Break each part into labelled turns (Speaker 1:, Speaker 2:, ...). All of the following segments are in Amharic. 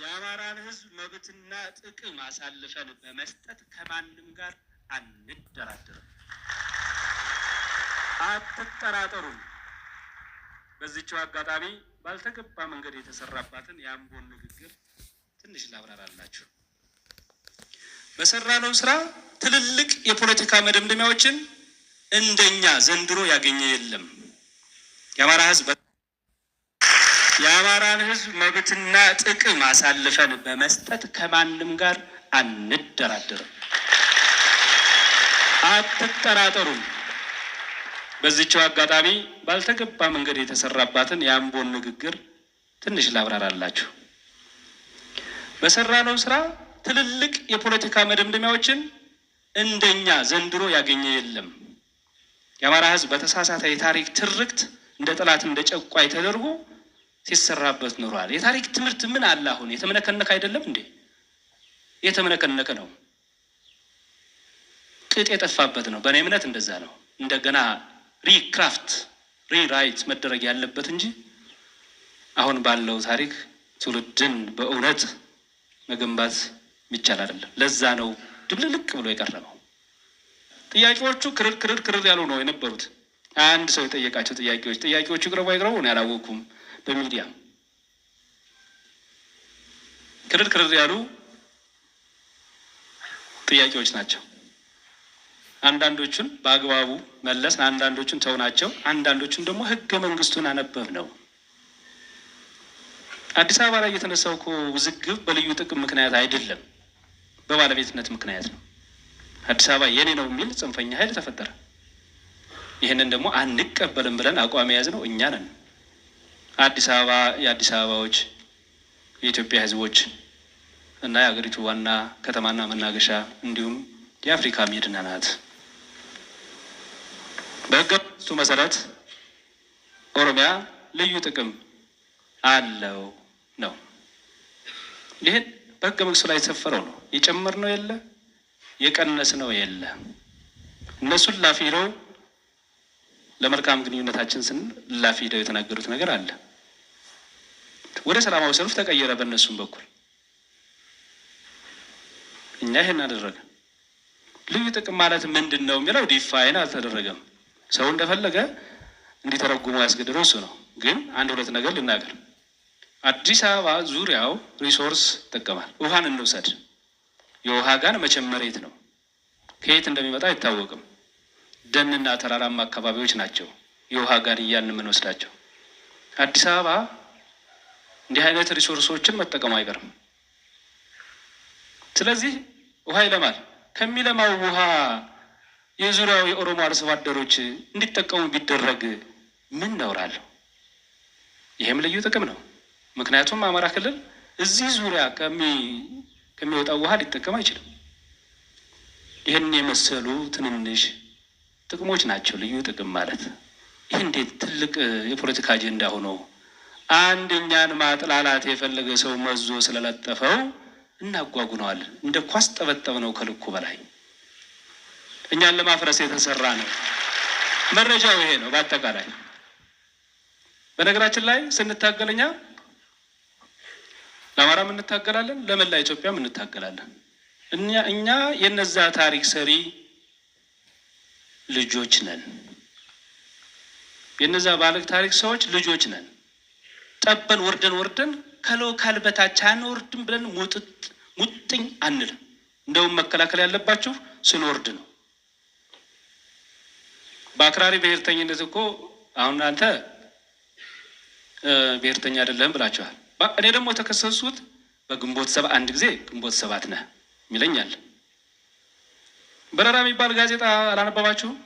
Speaker 1: የአማራን ህዝብ መብትና ጥቅም አሳልፈን በመስጠት ከማንም ጋር አንደራደርም። አትጠራጠሩም። በዚችው አጋጣሚ ባልተገባ መንገድ የተሰራባትን የአምቦን ንግግር ትንሽ ላብራራላችሁ። በሰራነው ስራ ትልልቅ የፖለቲካ መደምደሚያዎችን እንደኛ ዘንድሮ ያገኘ የለም የአማራ ህዝብ የአማራን ህዝብ መብትና ጥቅም አሳልፈን በመስጠት ከማንም ጋር አንደራደርም። አትጠራጠሩም። በዚችው አጋጣሚ ባልተገባ መንገድ የተሰራባትን የአምቦን ንግግር ትንሽ ላብራራላችሁ። በሰራነው ስራ ትልልቅ የፖለቲካ መደምደሚያዎችን እንደኛ ዘንድሮ ያገኘ የለም። የአማራ ህዝብ በተሳሳተ የታሪክ ትርክት እንደ ጠላት እንደ ጨቋይ ተደርጎ ሲሰራበት ኑሯል። የታሪክ ትምህርት ምን አለ? አሁን የተመነከነከ አይደለም እንዴ? የተመነከነከ ነው፣ ቅጥ የጠፋበት ነው። በእኔ እምነት እንደዛ ነው። እንደገና ሪክራፍት ሪራይት መደረግ ያለበት እንጂ አሁን ባለው ታሪክ ትውልድን በእውነት መገንባት የሚቻል አይደለም። ለዛ ነው ድብልልቅ ብሎ የቀረበው። ጥያቄዎቹ ክርር ክርር ክርር ያሉ ነው የነበሩት። አንድ ሰው የጠየቃቸው ጥያቄዎች ጥያቄዎቹ ቅረቡ አይቅረቡ እኔ በሚዲያ ክርር ክርር ያሉ ጥያቄዎች ናቸው። አንዳንዶቹን በአግባቡ መለስን፣ አንዳንዶቹን ናቸው። አንዳንዶቹን ደግሞ ህገ መንግስቱን አነበብ ነው። አዲስ አበባ ላይ የተነሳው እኮ ውዝግብ በልዩ ጥቅም ምክንያት አይደለም፣ በባለቤትነት ምክንያት ነው። አዲስ አበባ የኔ ነው የሚል ጽንፈኛ ኃይል ተፈጠረ። ይህንን ደግሞ አንቀበልም ብለን አቋም የያዝነው እኛ ነን። አዲስ አበባ የአዲስ አበባዎች የኢትዮጵያ ህዝቦች እና የሀገሪቱ ዋና ከተማና መናገሻ እንዲሁም የአፍሪካ መዲና ናት። መንግስቱ መሰረት ኦሮሚያ ልዩ ጥቅም አለው ነው። ይህን በህገ መንግስቱ ላይ የተሰፈረው ነው። የጨመር ነው የለ የቀነስ ነው የለ። እነሱን ላፊ ለመልካም ግንኙነታችን ስንል ላፊ የተናገሩት ነገር አለ። ወደ ሰላማዊ ሰልፍ ተቀየረ። በእነሱም በኩል እኛ ይህን አደረገ። ልዩ ጥቅም ማለት ምንድን ነው የሚለው ዲፋይን አልተደረገም። ሰው እንደፈለገ እንዲተረጉሙ ያስገድረው እሱ ነው። ግን አንድ ሁለት ነገር ልናገር። አዲስ አበባ ዙሪያው ሪሶርስ ይጠቀማል። ውሃን እንውሰድ። የውሃ ጋን መቼም መሬት ነው፣ ከየት እንደሚመጣ አይታወቅም። ደንና ተራራማ አካባቢዎች ናቸው የውሃ ጋን እያን የምንወስዳቸው አዲስ አበባ እንዲህ አይነት ሪሶርሶችን መጠቀሙ አይቀርም። ስለዚህ ውሃ ይለማል። ከሚለማው ውሃ የዙሪያው የኦሮሞ አርሶ አደሮች እንዲጠቀሙ ቢደረግ ምን ነውራለሁ? ይህም ልዩ ጥቅም ነው። ምክንያቱም አማራ ክልል እዚህ ዙሪያ ከሚወጣው ውሃ ሊጠቀም አይችልም። ይህን የመሰሉ ትንንሽ ጥቅሞች ናቸው ልዩ ጥቅም ማለት። ይህ እንዴት ትልቅ የፖለቲካ አጀንዳ ሆኖ አንድ እኛን ማጥላላት የፈለገ ሰው መዞ ስለለጠፈው እናጓጉነዋለን። እንደ ኳስ ጠበጠብ ነው ከልኩ በላይ እኛን ለማፍረስ የተሰራ ነው። መረጃው ይሄ ነው። በአጠቃላይ በነገራችን ላይ ስንታገል እኛ ለአማራም እንታገላለን፣ ለመላ ኢትዮጵያም እንታገላለን። እኛ የነዛ ታሪክ ሰሪ ልጆች ነን። የነዛ ባለግ ታሪክ ሰዎች ልጆች ነን። ጠበን ወርደን ወርደን ከሎካል በታች አንወርድም ብለን ሙጥጥ ሙጥኝ አንልም። እንደውም መከላከል ያለባችሁ ስንወርድ ነው። በአክራሪ ብሔርተኝነት እኮ አሁን አንተ ብሔርተኛ አይደለም ብላችኋል። እኔ ደግሞ የተከሰሱት በግንቦት ሰብ አንድ ጊዜ ግንቦት ሰባት ነህ ይለኛል። በረራ የሚባል ጋዜጣ አላነበባችሁም?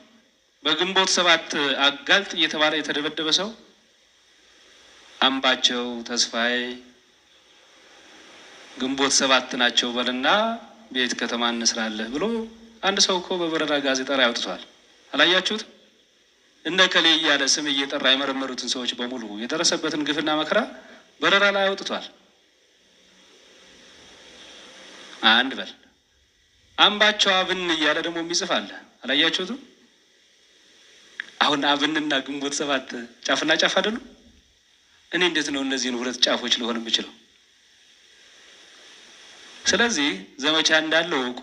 Speaker 1: በግንቦት ሰባት አጋልጥ እየተባለ የተደበደበ ሰው አምባቸው ተስፋዬ ግንቦት ሰባት ናቸው በልና ቤት ከተማ እንስራለህ ብሎ አንድ ሰው እኮ በበረራ ጋዜጣ ላይ አውጥቷል። አላያችሁት? እነ ከሌ እያለ ስም እየጠራ የመረመሩትን ሰዎች በሙሉ የደረሰበትን ግፍና መከራ በረራ ላይ አውጥቷል። አንድ በል አምባቸው አብን እያለ ደግሞ የሚጽፍ አለ። አላያችሁትም? አሁን አብንና ግንቦት ሰባት ጫፍና ጫፍ አይደሉም። እኔ እንዴት ነው እነዚህን ሁለት ጫፎች ልሆን የምችለው? ስለዚህ ዘመቻ እንዳለው እወቁ።